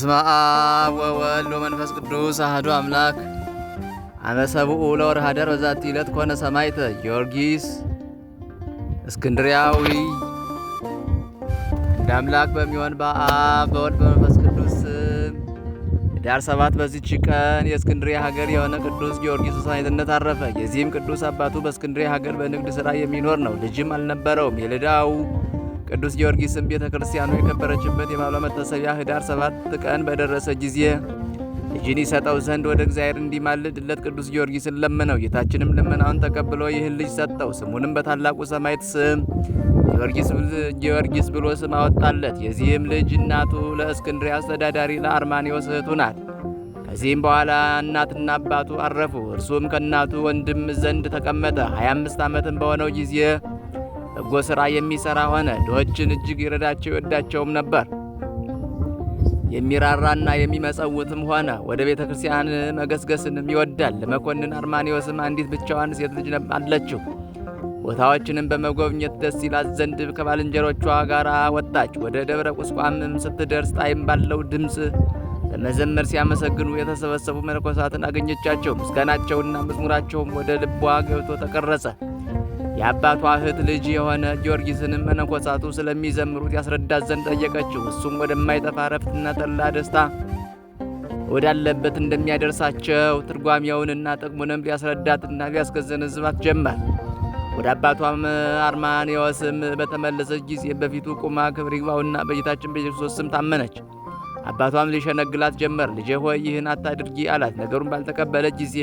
በስመ አብ ወወልድ ወመንፈስ ቅዱስ አህዶ አምላክ አመ ሰብኡ ለወርሃ ኅዳር በዛቲ ዕለት ኮነ ሰማዕተ ጊዮርጊስ እስክንድርያዊ። እንደ አምላክ በሚሆን በአብ በወልድ በመንፈስ ቅዱስ ስም ኅዳር ሰባት በዚች ቀን የእስክንድርያ ሀገር የሆነ ቅዱስ ጊዮርጊስ በሰማዕትነት አረፈ። የዚህም ቅዱስ አባቱ በእስክንድርያ ሀገር በንግድ ሥራ የሚኖር ነው። ልጅም አልነበረውም። የልዳው ቅዱስ ጊዮርጊስም ቤተ ክርስቲያኑ የከበረችበት የበዓሏ መታሰቢያ ህዳር ሰባት ቀን በደረሰ ጊዜ ልጅን ይሰጠው ዘንድ ወደ እግዚአብሔር እንዲማልድለት ቅዱስ ጊዮርጊስን ለመነው። ጌታችንም ልመናውን ተቀብሎ ይህን ልጅ ሰጠው። ስሙንም በታላቁ ሰማዕት ስም ጊዮርጊስ ብሎ ስም አወጣለት። የዚህም ልጅ እናቱ ለእስክንድሪ አስተዳዳሪ ለአርማኒዎስ እህቱ ናት። ከዚህም በኋላ እናትና አባቱ አረፉ። እርሱም ከእናቱ ወንድም ዘንድ ተቀመጠ። 25 ዓመትም በሆነው ጊዜ በጎ ሥራ የሚሠራ ሆነ። ድሆችን እጅግ ይረዳቸው ይወዳቸውም ነበር። የሚራራና የሚመጸውትም ሆነ። ወደ ቤተ ክርስቲያን መገስገስንም ይወዳል። ለመኮንን አርማኒዎስም አንዲት ብቻዋን ሴት ልጅ አለችው። ቦታዎችንም በመጎብኘት ደስ ይላት ዘንድ ከባልንጀሮቿ ጋር ወጣች። ወደ ደብረ ቁስቋምም ስትደርስ ጣይም ባለው ድምፅ በመዘመር ሲያመሰግኑ የተሰበሰቡ መነኮሳትን አገኘቻቸው። ምስጋናቸውና መዝሙራቸውም ወደ ልቧ ገብቶ ተቀረጸ። የአባቷ እህት ልጅ የሆነ ጊዮርጊስንም መነኮሳቱ ስለሚዘምሩት ያስረዳት ዘንድ ጠየቀችው። እሱም ወደማይጠፋ ረፍትና ጠላ ደስታ ወዳለበት እንደሚያደርሳቸው ትርጓሜውንና ጥቅሙንም ሊያስረዳትና ሊያስገነዝባት ጀመር። ወደ አባቷም አርማኔዎስም በተመለሰች ጊዜ በፊቱ ቁማ ክብር ይግባውና በጌታችን በኢየሱስ ስም ታመነች። አባቷም ሊሸነግላት ጀመር። ልጄ ሆይ ይህን አታድርጊ አላት። ነገሩን ባልተቀበለች ጊዜ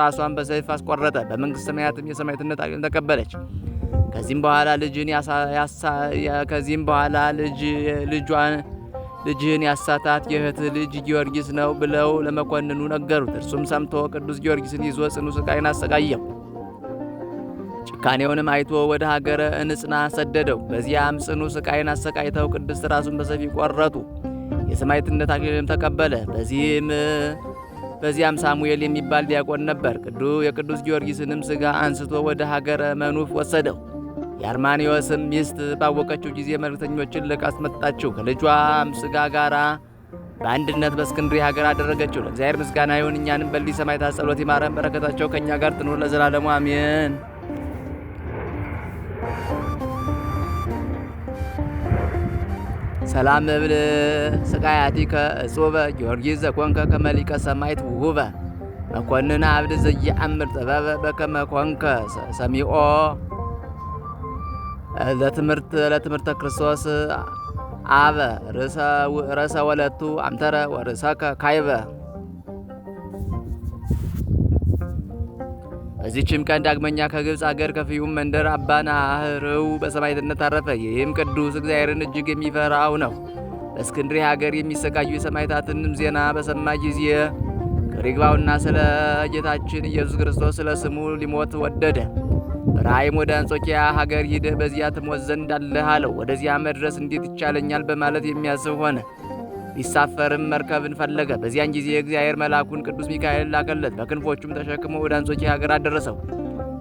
ራሷን በሰይፍ አስቆረጠ። በመንግስት ሰማያትም የሰማዕትነት ተቀበለች። ከዚህም በኋላ ልጅን ከዚህም በኋላ ልጅ ልጇን ልጅህን ያሳታት የህት ልጅ ጊዮርጊስ ነው ብለው ለመኮንኑ ነገሩት። እርሱም ሰምቶ ቅዱስ ጊዮርጊስን ይዞ ጽኑ ስቃይን አሰቃየው። ጭካኔውንም አይቶ ወደ ሀገረ እንጽና ሰደደው። በዚያም ጽኑ ስቃይን አሰቃይተው ቅድስት ራሱን በሰፊ ቆረጡ። የሰማዕትነት አክሊልም ተቀበለ። በዚህም በዚያም ሳሙኤል የሚባል ዲያቆን ነበር። ቅዱ የቅዱስ ጊዮርጊስንም ሥጋ አንስቶ ወደ ሀገረ መኑፍ ወሰደው። የአርማኒዎስም ሚስት ባወቀችው ጊዜ መልእክተኞችን ልካ አስመጣችው። ከልጇም ሥጋ ጋራ በአንድነት በእስክንድርያ ሀገር አደረገችው። ለእግዚአብሔር ምስጋና ይሁን፣ እኛንም በሊ ሰማዕታት ጸሎት ይማረን፣ በረከታቸው ከእኛ ጋር ትኑር ለዘላለሙ አሜን። ሰላም እብል ስቃያቲከ እጹበ ጊዮርጊስ ዘኮንከ ከመሊቀ ሰማይት ውሁበ መኮንን አብድ ዘየአምር ጥበበ በከመ ኮንከ ሰሚኦ ለትምህርተ ክርስቶስ አበ ርዕሰ ወለቱ አምተረ ወርዕሰከ ካይበ በዚህችም ቀን ዳግመኛ ከግብፅ አገር ከፍዩም መንደር አባን አህርው በሰማዕትነት አረፈ። ይህም ቅዱስ እግዚአብሔርን እጅግ የሚፈራው ነው። በእስክንድሪ ሀገር የሚሰቃዩ የሰማዕታትንም ዜና በሰማ ጊዜ ከሪግባውና ስለ ጌታችን ኢየሱስ ክርስቶስ ስለ ስሙ ሊሞት ወደደ። በራእይም ወደ አንጾኪያ ሀገር ሂደ፣ በዚያ ትሞት ዘንድ አለህ አለው። ወደዚያ መድረስ እንዴት ይቻለኛል በማለት የሚያስብ ሆነ። ሊሳፈርም መርከብን ፈለገ። በዚያን ጊዜ የእግዚአብሔር መልአኩን ቅዱስ ሚካኤል ላከለት፣ በክንፎቹም ተሸክሞ ወደ አንጾኪያ ሀገር አደረሰው።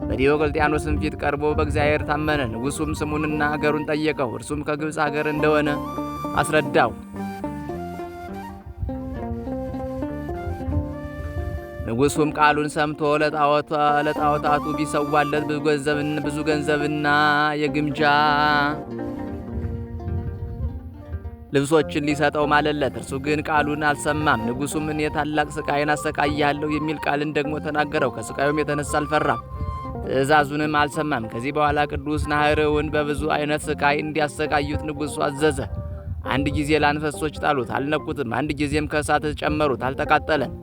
በዲዮቅልጥያኖስም ፊት ቀርቦ በእግዚአብሔር ታመነ። ንጉሡም ስሙንና አገሩን ጠየቀው። እርሱም ከግብፅ አገር እንደሆነ አስረዳው። ንጉሱም ቃሉን ሰምቶ ለጣዖታቱ ቢሰዋለት ብዙ ገንዘብና የግምጃ ልብሶችን ሊሰጠው ማለለት። እርሱ ግን ቃሉን አልሰማም። ንጉሡም እኔ ታላቅ ስቃይን አሰቃያለሁ የሚል ቃልን ደግሞ ተናገረው። ከስቃዩም የተነሳ አልፈራም፣ ትእዛዙንም አልሰማም። ከዚህ በኋላ ቅዱስ ናህርውን በብዙ አይነት ስቃይ እንዲያሰቃዩት ንጉሱ አዘዘ። አንድ ጊዜ ለአንፈሶች ጣሉት፣ አልነኩትም። አንድ ጊዜም ከእሳት ጨመሩት፣ አልተቃጠለም።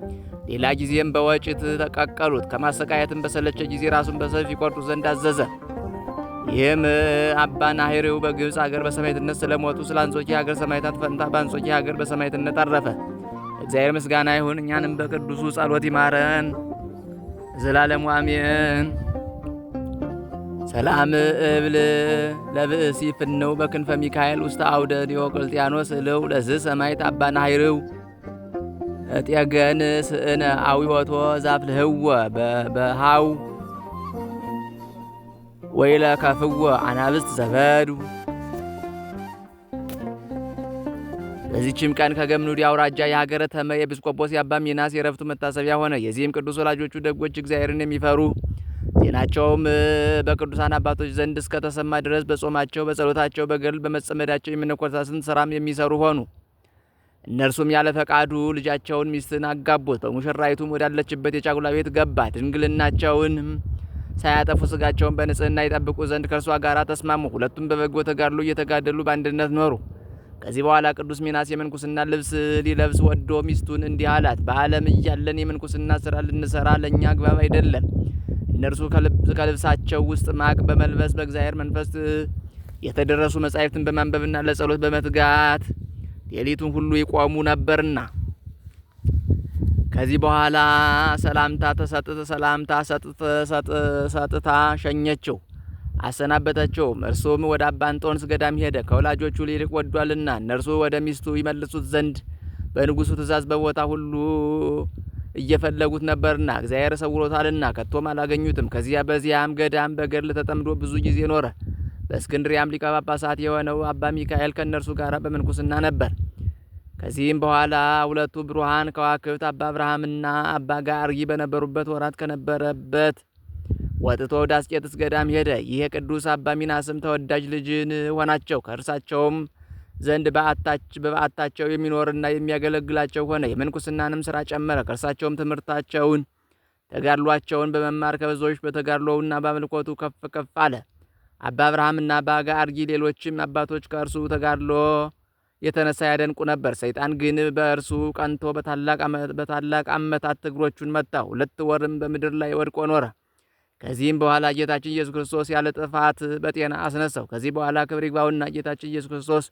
ሌላ ጊዜም በወጭት ተቀቀሉት። ከማሰቃየትም በሰለቸ ጊዜ ራሱን በሰይፍ ይቆርጡ ዘንድ አዘዘ። ይህም አባ ናህሪው በግብፅ ሀገር በሰማዕትነት ስለሞቱ ስለ አንጾኪያ ሀገር ሰማዕታት ፈንታ በአንጾኪያ ሀገር በሰማዕትነት አረፈ። እግዚአብሔር ምስጋና ይሁን። እኛንም በቅዱሱ ጸሎት ይማረን ዘላለሙ አሜን። ሰላም እብል ለብእሲ ፍነው በክንፈ ሚካኤል ውስተ አውደ ዲዮቅልጥያኖስ እልው ለዝህ ሰማዕት አባ ናህሪው እጤገን ስእነ አዊወቶ ዛፍልህወ በሃው ወይለ ወይለከፍዎ አናብስት ዘበዱ። በዚችም ቀን ከገምኑድ አውራጃ የሀገረ ተመ ኤጲስ የአባ ሚናስ የረፍቱ መታሰቢያ ሆነ። የዚህም ቅዱስ ወላጆቹ ደጎች፣ እግዚአብሔርን የሚፈሩ ዜናቸውም በቅዱሳን አባቶች ዘንድ እስከተሰማ ድረስ በጾማቸው፣ በጸሎታቸው፣ በገድል በመጸመዳቸው የመነኮሳትን ስራም የሚሰሩ ሆኑ። እነርሱም ያለ ፈቃዱ ልጃቸውን ሚስትን አጋቡት። በሙሽራይቱም ወዳለችበት የጫጉላ ቤት ገባ። ድንግልናቸውንም ሳያጠፉ ስጋቸውን በንጽህና ይጠብቁ ዘንድ ከእርሷ ጋር ተስማሙ። ሁለቱም በበጎ ተጋድሎ እየተጋደሉ በአንድነት ኖሩ። ከዚህ በኋላ ቅዱስ ሚናስ የምንኩስና ልብስ ሊለብስ ወዶ ሚስቱን እንዲህ አላት። በዓለም እያለን የምንኩስና ስራ ልንሰራ ለእኛ አግባብ አይደለም። እነርሱ ከልብሳቸው ውስጥ ማቅ በመልበስ በእግዚአብሔር መንፈስ የተደረሱ መጻሕፍትን በማንበብና ለጸሎት በመትጋት ሌሊቱን ሁሉ ይቆሙ ነበርና ከዚህ በኋላ ሰላምታ ተሰጥተ ሰላምታ ሰጥታ ሸኘችው፣ አሰናበተችውም። እርሱም ወደ አባ እንጦንስ ገዳም ሄደ። ከወላጆቹ ሊርቅ ወዷልና እነርሱ ወደ ሚስቱ ይመልሱት ዘንድ በንጉሱ ትእዛዝ በቦታ ሁሉ እየፈለጉት ነበርና እግዚአብሔር ሰውሮታልና ከቶም አላገኙትም። ከዚያ በዚያም ገዳም በገድል ተጠምዶ ብዙ ጊዜ ኖረ። በእስክንድሪያም ሊቀ ጳጳሳት የሆነው አባ ሚካኤል ከእነርሱ ጋር በምንኩስና ነበር። ከዚህም በኋላ ሁለቱ ብሩሃን ከዋክብት አባ አብርሃምና አባ ጋርጊ በነበሩበት ወራት ከነበረበት ወጥቶ ወደ አስቄጥስ ገዳም ሄደ። ይህ የቅዱስ አባ ሚናስም ተወዳጅ ልጅን ሆናቸው። ከእርሳቸውም ዘንድ በበዓታቸው የሚኖርና የሚያገለግላቸው ሆነ። የምንኩስናንም ስራ ጨመረ። ከእርሳቸውም ትምህርታቸውን፣ ተጋድሏቸውን በመማር ከብዙዎች በተጋድሎውና በአምልኮቱ ከፍ ከፍ አለ። አባ አብርሃምና አባ ጋርጊ ሌሎችም አባቶች ከእርሱ ተጋድሎ የተነሳ ያደንቁ ነበር። ሰይጣን ግን በእርሱ ቀንቶ በታላቅ አመታት እግሮቹን መታ ሁለት ወርም በምድር ላይ ወድቆ ኖረ። ከዚህም በኋላ ጌታችን ኢየሱስ ክርስቶስ ያለ ጥፋት በጤና አስነሳው። ከዚህ በኋላ ክብር ይግባውና ጌታችን ኢየሱስ ክርስቶስ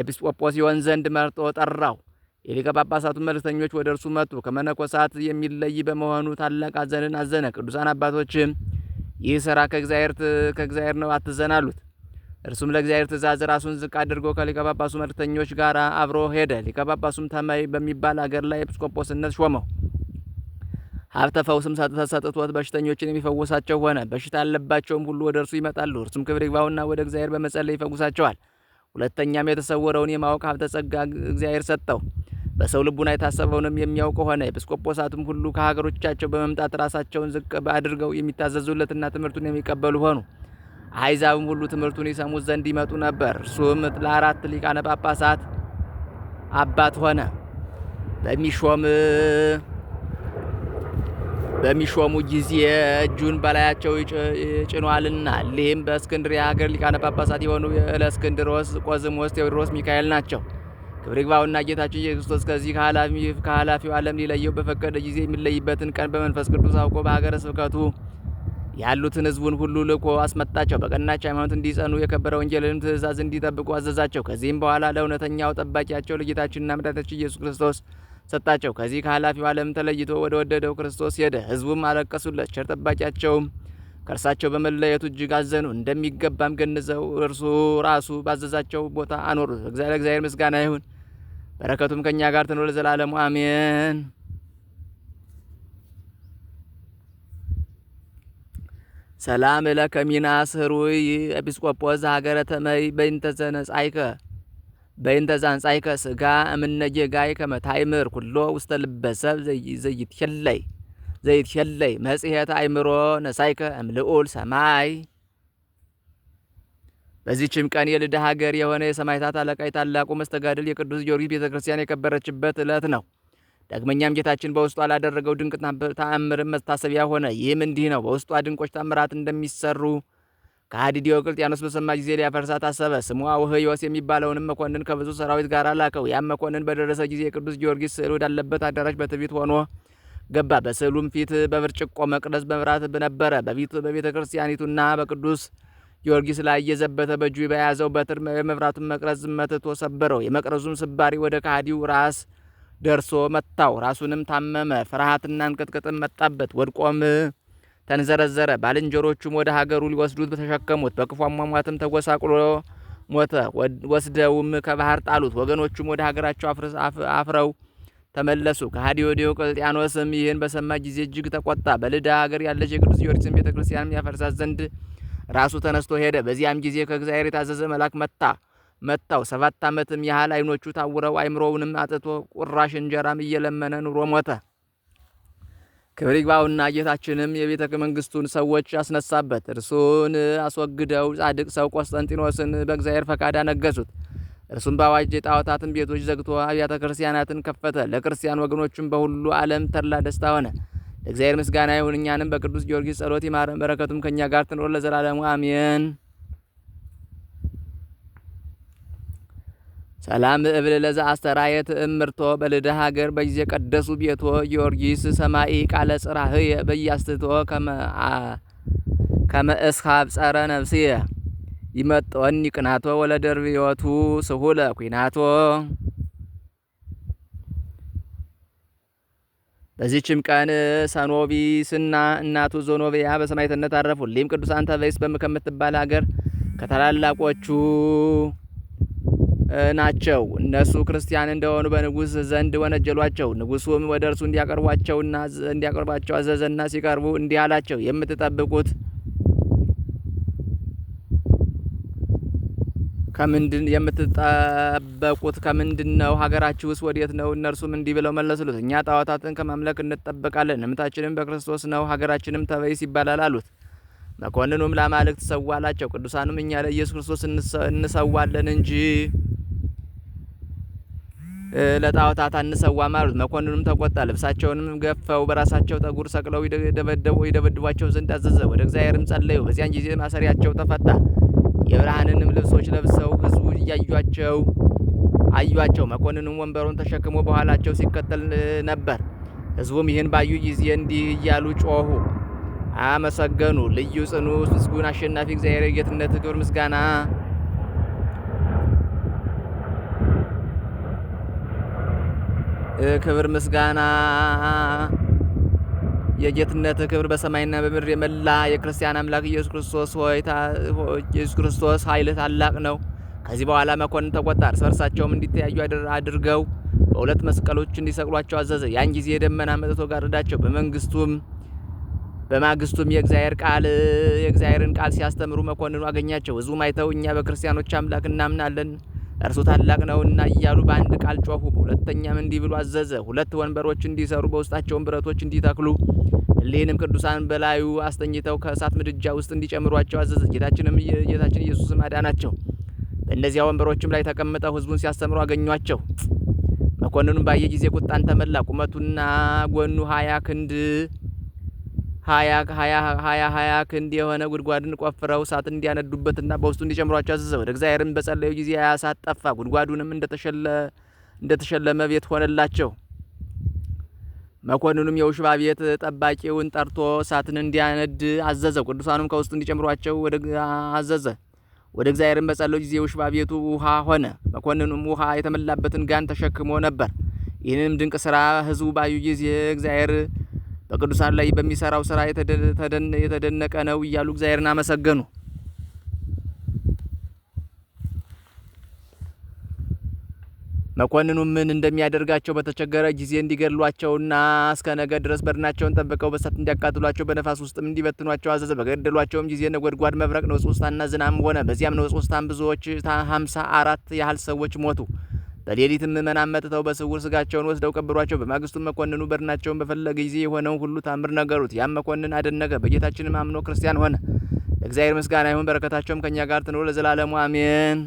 ኤጲስቆጶስ ይሆን ዘንድ መርጦ ጠራው። የሊቀ ጳጳሳቱ መልእክተኞች ወደ እርሱ መጡ። ከመነኮሳት የሚለይ በመሆኑ ታላቅ አዘንን አዘነ። ቅዱሳን አባቶችም ይህ ሥራ ከእግዚአብሔር ነው፣ አትዘን አሉት። እርሱም ለእግዚአብሔር ትእዛዝ ራሱን ዝቅ አድርጎ ከሊቀ ጳጳሱ መልክተኞች ጋር አብሮ ሄደ። ሊቀ ጳጳሱም ታማይ በሚባል አገር ላይ ኤጲስቆጶስነት ሾመው። ሀብተ ፈውስም ተሰጥቶት በሽተኞችን የሚፈውሳቸው ሆነ። በሽታ ያለባቸውም ሁሉ ወደ እርሱ ይመጣሉ። እርሱም ክብር ይግባውና ወደ እግዚአብሔር በመጸለይ ይፈውሳቸዋል። ሁለተኛም የተሰወረውን የማወቅ ሀብተ ጸጋ እግዚአብሔር ሰጠው። በሰው ልቡና የታሰበውንም የሚያውቅ ሆነ። ኤጲስቆጶሳቱም ሁሉ ከሀገሮቻቸው በመምጣት ራሳቸውን ዝቅ አድርገው የሚታዘዙለትና ትምህርቱን የሚቀበሉ ሆኑ። አሕዛብም ሁሉ ትምህርቱን ይሰሙት ዘንድ ይመጡ ነበር። እርሱም ለአራት ሊቃነ ጳጳሳት አባት ሆነ። በሚሾም በሚሾሙ ጊዜ እጁን በላያቸው ጭኗልና። እሊህም በእስክንድርያ ሀገር ሊቃነ ጳጳሳት የሆኑ ለእስክንድሮስ፣ ቆዝሞስ፣ ቴዎድሮስ፣ ሚካኤል ናቸው። ክብር ይግባውና ጌታችን ኢየሱስ ክርስቶስ ከዚህ ከኃላፊው ዓለም ሊለየው በፈቀደ ጊዜ የሚለይበትን ቀን በመንፈስ ቅዱስ አውቆ በሀገረ ስብከቱ ያሉትን ህዝቡን ሁሉ ልኮ አስመጣቸው። በቀናች ሃይማኖት እንዲጸኑ የከበረ ወንጌልንም ትእዛዝ እንዲጠብቁ አዘዛቸው። ከዚህም በኋላ ለእውነተኛው ጠባቂያቸው ለጌታችንና መድኃኒታችን ኢየሱስ ክርስቶስ ሰጣቸው። ከዚህ ከኃላፊው ዓለም ተለይቶ ወደ ወደደው ክርስቶስ ሄደ። ህዝቡም አለቀሱለት። ቸር ጠባቂያቸውም ከእርሳቸው በመለየቱ እጅግ አዘኑ። እንደሚገባም ገንዘው እርሱ ራሱ ባዘዛቸው ቦታ አኖሩት። እግዚአብሔር ምስጋና ይሁን፣ በረከቱም ከእኛ ጋር ትኖር ለዘላለሙ አሜን። ሰላም እለከ ሚናስ ህሩይ ኤጲስቆጶስ ሀገረ ተመይ በይንተዘነ ጻይከ በይንተዛን ጻይከ ስጋ እምነጌጋይ ከመታይምር ኩሎ ውስተ ልበሰብ ዘይትሸለይ ዘይትሸለይ መጽሔት አይምሮ ነሳይከ እምልኡል ሰማይ በዚህችም ቀን የልደ ሀገር የሆነ የሰማይታት አለቃ የታላቁ መስተጋድል የቅዱስ ጊዮርጊስ ቤተ ክርስቲያን የከበረችበት ዕለት ነው። ዳግመኛም ጌታችን በውስጧ ላደረገው ድንቅ ተአምር መታሰቢያ ሆነ። ይህም እንዲህ ነው። በውስጧ ድንቆች ተአምራት እንደሚሰሩ ከሃዲ ዲዮቅልጥያኖስ በሰማ ጊዜ ሊያፈርሳት አሰበ። ስሙ አውህዮስ የሚባለውንም መኮንን ከብዙ ሰራዊት ጋር ላከው። ያም መኮንን በደረሰ ጊዜ የቅዱስ ጊዮርጊስ ስዕል ወዳለበት አዳራሽ በትቢት ሆኖ ገባ። በስዕሉም ፊት በብርጭቆ መቅረዝ መብራት ነበረ። በቤተ ክርስቲያኒቱና በቅዱስ ጊዮርጊስ ላይ እየዘበተ በእጁ በያዘው በትር የመብራቱን መቅረዝ መትቶ ሰበረው። የመቅረዙም ስባሪ ወደ ከሃዲው ራስ ደርሶ መታው። ራሱንም ታመመ፣ ፍርሃትና እንቅጥቅጥም መጣበት። ወድቆም ተንዘረዘረ። ባልንጀሮቹም ወደ ሀገሩ ሊወስዱት ተሸከሙት። በክፉ አሟሟትም ተጎሳቁሎ ሞተ። ወስደውም ከባህር ጣሉት። ወገኖቹም ወደ ሀገራቸው አፍረው ተመለሱ። ከሃዲዮ ዲዮቅልጥያኖስም ይህን በሰማ ጊዜ እጅግ ተቆጣ። በልዳ ሀገር ያለች የቅዱስ ጊዮርጊስን ቤተ ክርስቲያንም ያፈርሳት ዘንድ ራሱ ተነስቶ ሄደ። በዚያም ጊዜ ከእግዚአብሔር የታዘዘ መልአክ መጣ። መጣው። ሰባት ዓመትም ያህል አይኖቹ ታውረው አይምሮውንም አጥቶ ቁራሽ እንጀራም እየለመነ ኑሮ ሞተ። ክብር ይግባውና ጌታችንም የቤተ መንግስቱን ሰዎች አስነሳበት። እርሱን አስወግደው ጻድቅ ሰው ቆስጠንጢኖስን በእግዚአብሔር ፈቃድ አነገሱት። እርሱም በአዋጅ የጣዖታትን ቤቶች ዘግቶ አብያተ ክርስቲያናትን ከፈተ። ለክርስቲያን ወገኖችም በሁሉ ዓለም ተድላ ደስታ ሆነ። ለእግዚአብሔር ምስጋና ይሁን። እኛንም በቅዱስ ጊዮርጊስ ጸሎት ይማረን። በረከቱም ከእኛ ጋር ትኖር ለዘላለሙ አሜን። ሰላም እብል ለዛ አስተራየት እምርቶ በልደ ሀገር በጊዜ ቀደሱ ቤቶ ጊዮርጊስ ሰማይ ቃለ ጽራህየ በያስትቶ ከመ እስኻብ ጸረ ነፍስየ ይመጠወኒ ቅናቶ ወለደርብዮቱ ስሁለ ኩናቶ። በዚህችም ቀን ሰኖቢስና እናቱ ዞኖቢያ በሰማይትነት አረፉ። እሊህም ቅዱሳን ተበይስ በምከምትባል ሀገር ከታላላቆቹ ናቸው። እነሱ ክርስቲያን እንደሆኑ በንጉስ ዘንድ ወነጀሏቸው። ንጉሱም ወደ እርሱ እንዲያቀርቧቸውና እንዲያቀርቧቸው አዘዘና ሲቀርቡ እንዲህ አላቸው የምትጠብቁት ከምንድን የምትጠበቁት ከምንድን ነው? ሀገራችሁስ ወዴት ነው? እነርሱም እንዲህ ብለው መለሱሉት እኛ ጣዖታትን ከማምለክ እንጠበቃለን፣ እምነታችንም በክርስቶስ ነው፣ ሀገራችንም ተበይስ ይባላል አሉት። መኮንኑም ለአማልክት ሰዋ አላቸው። ቅዱሳኑም እኛ ለኢየሱስ ክርስቶስ እንሰዋለን እንጂ ለጣዖታት አንሰዋም አሉት። መኮንኑም ተቆጣ። ልብሳቸውንም ገፈው በራሳቸው ጠጉር ሰቅለው ይደበደቡ ይደበድቧቸው ዘንድ አዘዘ። ወደ እግዚአብሔርም ጸለዩ። በዚያን ጊዜ ማሰሪያቸው ተፈታ። የብርሃንንም ልብሶች ለብሰው ህዝቡ እያዩቸው አዩቸው። መኮንኑም ወንበሩን ተሸክሞ በኋላቸው ሲከተል ነበር። ህዝቡም ይህን ባዩ ጊዜ እንዲህ እያሉ ጮሁ፣ አመሰገኑ። ልዩ ጽኑ ምስጉን አሸናፊ እግዚአብሔር የጌትነት ክብር ምስጋና ክብር ምስጋና የጌትነት ክብር በሰማይና በምድር የመላ የክርስቲያን አምላክ ኢየሱስ ክርስቶስ ሆይ ኢየሱስ ክርስቶስ ኃይል ታላቅ ነው። ከዚህ በኋላ መኮንን ተቆጣ። እርስ በርሳቸውም እንዲተያዩ አድርገው በሁለት መስቀሎች እንዲሰቅሏቸው አዘዘ። ያን ጊዜ የደመና መጥቶ ጋረዳቸው። በመንግስቱም በማግስቱም የእግዚአብሔር ቃል የእግዚአብሔርን ቃል ሲያስተምሩ መኮንኑ አገኛቸው። ሕዝቡም አይተው እኛ በክርስቲያኖች አምላክ እናምናለን እርሱ ታላቅ ነውና እያሉ በአንድ ቃል ጮኹ። በሁለተኛም እንዲህ ብሎ አዘዘ፣ ሁለት ወንበሮች እንዲሰሩ በውስጣቸውን ብረቶች እንዲተክሉ ሌንም ቅዱሳን በላዩ አስተኝተው ከእሳት ምድጃ ውስጥ እንዲጨምሯቸው አዘዘ። ጌታችንም ጌታችን ኢየሱስም አዳናቸው። በእነዚያ ወንበሮችም ላይ ተቀምጠው ህዝቡን ሲያስተምሩ አገኟቸው። መኮንኑም ባየ ጊዜ ቁጣን ተመላ። ቁመቱና ጎኑ ሀያ ክንድ ሀያ ሀያ ሀያ ሀያ ክንድ የሆነ ጉድጓድን ቆፍረው እሳትን እንዲያነዱበትና በውስጡ እንዲጨምሯቸው አዘዘ። ወደ እግዚአብሔርም በጸለዩ ጊዜ ያ እሳት ጠፋ፣ ጉድጓዱንም እንደተሸለመ ቤት ሆነላቸው። መኮንኑም የውሽባ ቤት ጠባቂውን ጠርቶ እሳትን እንዲያነድ አዘዘ። ቅዱሳኑም ከውስጡ እንዲጨምሯቸው አዘዘ። ወደ እግዚአብሔርም በጸለዩ ጊዜ የውሽባ ቤቱ ውሃ ሆነ። መኮንኑም ውሃ የተመላበትን ጋን ተሸክሞ ነበር። ይህንም ድንቅ ስራ ህዝቡ ባዩ ጊዜ እግዚአብሔር በቅዱሳን ላይ በሚሰራው ስራ የተደነቀ ነው እያሉ እግዚአብሔርን አመሰገኑ። መኮንኑ ምን እንደሚያደርጋቸው በተቸገረ ጊዜ እንዲገድሏቸውና እስከ ነገ ድረስ በድናቸውን ጠብቀው በሳት እንዲያቃጥሏቸው በነፋስ ውስጥም እንዲበትኗቸው አዘዘ። በገደሏቸውም ጊዜ ነጎድጓድ፣ መብረቅ፣ ነውጽ ውስታና ዝናም ሆነ። በዚያም ነውጽ ውስታን ብዙዎች ሀምሳ አራት ያህል ሰዎች ሞቱ። በሌሊትም ምዕመናን መጥተው በስውር ስጋቸውን ወስደው ቀብሯቸው በማግስቱ መኮንኑ በድናቸውን በፈለገ ጊዜ የሆነውን ሁሉ ታምር ነገሩት። ያም መኮንን አደነቀ፣ በጌታችንም አምኖ ክርስቲያን ሆነ። ለእግዚአብሔር ምስጋና ይሁን። በረከታቸውም ከእኛ ጋር ትኖር ለዘላለሙ አሜን።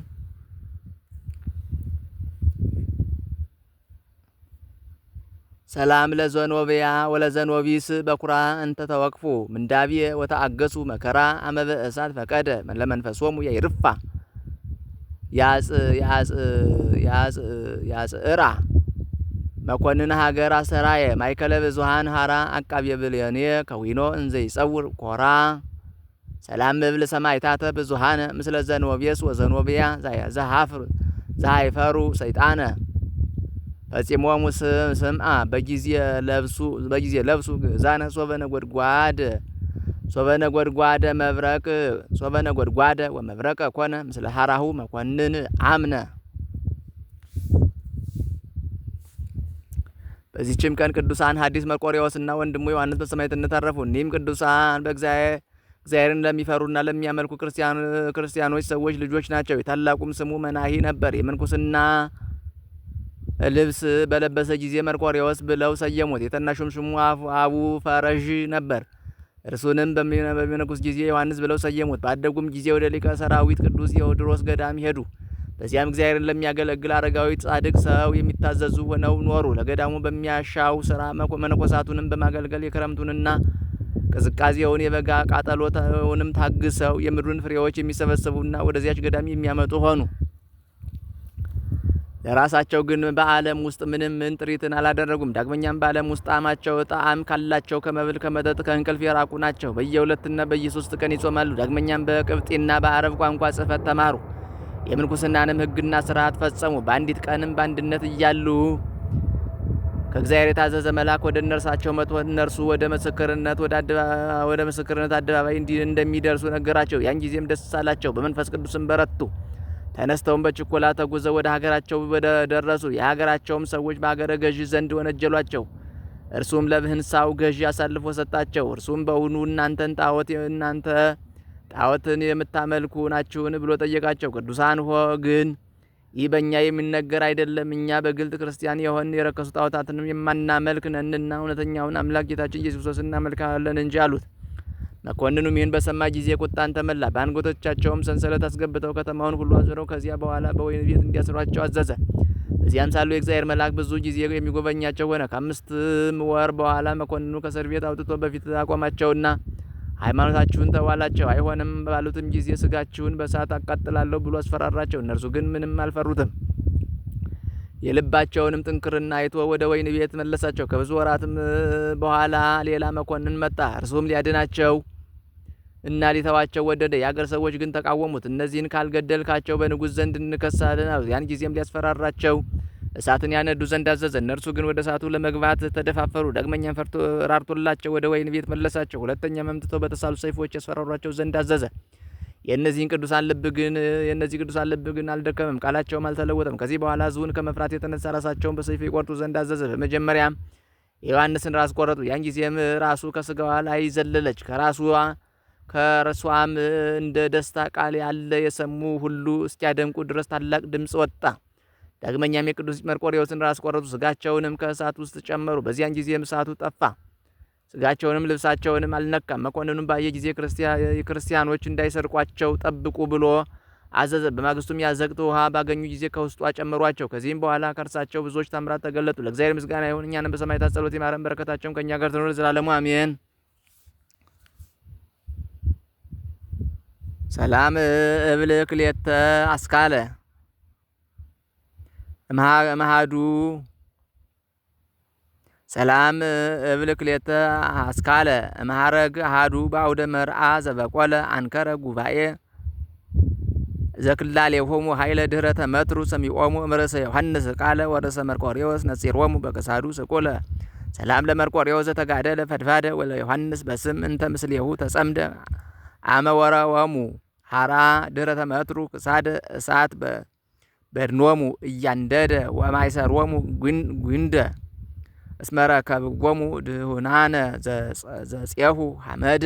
ሰላም ለዘኖቢያ ወለዘኖቢስ በኩራ እንተ ተወቅፉ ምንዳቤ ወተአገሱ መከራ አመበ እሳት ፈቀደ ለመንፈሶሙ ያይርፋ ያጽእራ መኮንን ሀገር አሰራየ ማይከለ ብዙሃን ሀራ አቃብ የብልየኔ ከዊኖ እንዘይ ጸውር ኮራ ሰላም እብል ሰማይታተ ብዙሃነ ምስለ ዘንወቤስ ወዘንወብያ ዘሀፍር ዘሀይፈሩ ሰይጣነ ፈጺሞሙ ስምአ በጊዜ ለብሱ በጊዜ ለብሱ ግእዛነ ሶበ ነጐድጓድ ሶበነጐድጓደ መብረቅ ሶበነጐድጓደ ወመብረቀ ኮነ ምስለ ሀራሁ መኮንን አምነ። በዚችም ቀን ቅዱሳን ሐዲስ መርቆሬዎስና ወንድሙ ዮሐንስ በሰማዕትነት አረፉ። እኒህም ቅዱሳን እግዚአብሔርን ለሚፈሩና ለሚያመልኩ ክርስቲያኖች ሰዎች ልጆች ናቸው። የታላቁም ስሙ መናሂ ነበር። የምንኩስና ልብስ በለበሰ ጊዜ መርቆሪዎስ ብለው ሰየሙት። የተናሹም ስሙ አቡ ፈረዥ ነበር። እርሱንም በሚነጉስ ጊዜ ዮሐንስ ብለው ሰየሙት። ባደጉም ጊዜ ወደ ሊቀ ሰራዊት ቅዱስ ቴዎድሮስ ገዳም ሄዱ። በዚያም እግዚአብሔርን ለሚያገለግል አረጋዊ ጻድቅ ሰው የሚታዘዙ ሆነው ኖሩ። ለገዳሙ በሚያሻው ስራ መነኮሳቱንም በማገልገል የክረምቱንና ቅዝቃዜውን የበጋ ቃጠሎውንም ታግሰው የምድሩን ፍሬዎች የሚሰበስቡና ወደዚያች ገዳም የሚያመጡ ሆኑ። ለራሳቸው ግን በዓለም ውስጥ ምንም እንጥሪትን አላደረጉም። ዳግመኛም በዓለም ውስጥ ጣዕማቸው ጣዕም ካላቸው ከመብል ከመጠጥ ከእንቅልፍ የራቁ ናቸው። በየሁለትና በየሶስት ቀን ይጾማሉ። ዳግመኛም በቅብጤና በአረብ ቋንቋ ጽፈት ተማሩ። የምንኩስናንም ሕግና ስርዓት ፈጸሙ። በአንዲት ቀንም በአንድነት እያሉ ከእግዚአብሔር የታዘዘ መልአክ ወደ እነርሳቸው መጥቶ እነርሱ ወደ ምስክርነት ወደ ምስክርነት አደባባይ እንደሚደርሱ ነገራቸው። ያን ጊዜም ደስ አላቸው፣ በመንፈስ ቅዱስም በረቱ። ተነስተውም በችኮላ ተጉዘው ወደ ሀገራቸው ደረሱ። የሀገራቸውም ሰዎች በሀገረ ገዢ ዘንድ ወነጀሏቸው። እርሱም ለብህንሳው ገዢ አሳልፎ ሰጣቸው። እርሱም በውኑ እናንተን ጣዖት እናንተ ጣዖትን የምታመልኩ ናችሁን ብሎ ጠየቃቸው። ቅዱሳን ሆ ግን ይህ በእኛ የሚነገር አይደለም። እኛ በግልጥ ክርስቲያን የሆን የረከሱ ጣዖታትንም የማናመልክ ነንና እውነተኛውን አምላክ ጌታችን ኢየሱስ እናመልካለን እንጂ አሉት። መኮንኑም ይህን በሰማ ጊዜ ቁጣን ተመላ። በአንገቶቻቸውም ሰንሰለት አስገብተው ከተማውን ሁሉ አዝረው ከዚያ በኋላ በወይን ቤት እንዲያስሯቸው አዘዘ። በዚያም ሳሉ የእግዚአብሔር መልአክ ብዙ ጊዜ የሚጎበኛቸው ሆነ። ከአምስትም ወር በኋላ መኮንኑ ከእስር ቤት አውጥቶ በፊት አቆማቸውና ሃይማኖታችሁን ተዋላቸው አይሆንም ባሉትም ጊዜ ስጋችሁን በእሳት አቃጥላለሁ ብሎ አስፈራራቸው። እነርሱ ግን ምንም አልፈሩትም። የልባቸውንም ጥንክርና አይቶ ወደ ወይን ቤት መለሳቸው። ከብዙ ወራትም በኋላ ሌላ መኮንን መጣ። እርሱም ሊያድናቸው እና ሊተዋቸው ወደደ። የአገር ሰዎች ግን ተቃወሙት። እነዚህን ካልገደልካቸው በንጉሥ ዘንድ እንከሳለን አሉት። ያን ጊዜም ሊያስፈራራቸው እሳትን ያነዱ ዘንድ አዘዘ። እነርሱ ግን ወደ እሳቱ ለመግባት ተደፋፈሩ። ዳግመኛም ፈርቶ ራርቶላቸው ወደ ወይን ቤት መለሳቸው። ሁለተኛ መምትቶ በተሳሉ ሰይፎች ያስፈራሯቸው ዘንድ አዘዘ። የእነዚህን ቅዱሳን ልብ ግን የእነዚህ ቅዱሳን ልብ ግን አልደከመም፣ ቃላቸውም አልተለወጠም። ከዚህ በኋላ ሕዝቡን ከመፍራት የተነሳ ራሳቸውን በሰይፍ ይቆርጡ ዘንድ አዘዘ። በመጀመሪያም የዮሐንስን ራስ ቆረጡ። ያን ጊዜም ራሱ ከስጋዋ ላይ ዘለለች ከራሱዋ ከእርሷም እንደ ደስታ ቃል ያለ የሰሙ ሁሉ እስኪያደንቁ ድረስ ታላቅ ድምፅ ወጣ። ዳግመኛም የቅዱስ መርቆሬዎስን ራስ ቆረጡ፣ ስጋቸውንም ከእሳት ውስጥ ጨመሩ። በዚያን ጊዜም እሳቱ ጠፋ፣ ስጋቸውንም ልብሳቸውንም አልነካም። መኮንኑም ባየ ጊዜ ክርስቲያኖች እንዳይሰርቋቸው ጠብቁ ብሎ አዘዘ። በማግስቱም ያዘቅት ውሃ ባገኙ ጊዜ ከውስጡ አጨመሯቸው። ከዚህም በኋላ ከእርሳቸው ብዙዎች ታምራት ተገለጡ። ለእግዚአብሔር ምስጋና ይሁን፣ እኛንም በሰማዕታት ጸሎት ይማረን፣ በረከታቸውም ከእኛ ጋር ትኖር ዘላለሙ አሜን። ሰላም እብልክ ሌተ አስካለ እምሃዱ ሰላም እብልክ ሌተ አስካለ እምሃረግ ሃዱ በአውደ መርአ ዘበቆለ አንከረ ጉባኤ ዘክላሌ ዘክላሌሆሙ ኃይለ ድህረ ተመትሩ ሰሚዖሙ እምርእሰ ዮሐንስ ቃለ ወርእሰ መርቆሬዎስ ነጺሮሙ በከሳዱ ስቁለ ሰላም ለመርቆሬዎስ ዘተጋደለ ፈድፋደ ወለ ዮሐንስ በስም እንተ ምስሌሁ ተጸምደ አመወረወሙ ሀራ ድህረተ መትሩ ክሳድ እሳት በድኖሙ እያንደደ ወማይሰሮሙ ጉንደ እስመ ረከብዎሙ ድሁናነ ዘፄሁ ሐመደ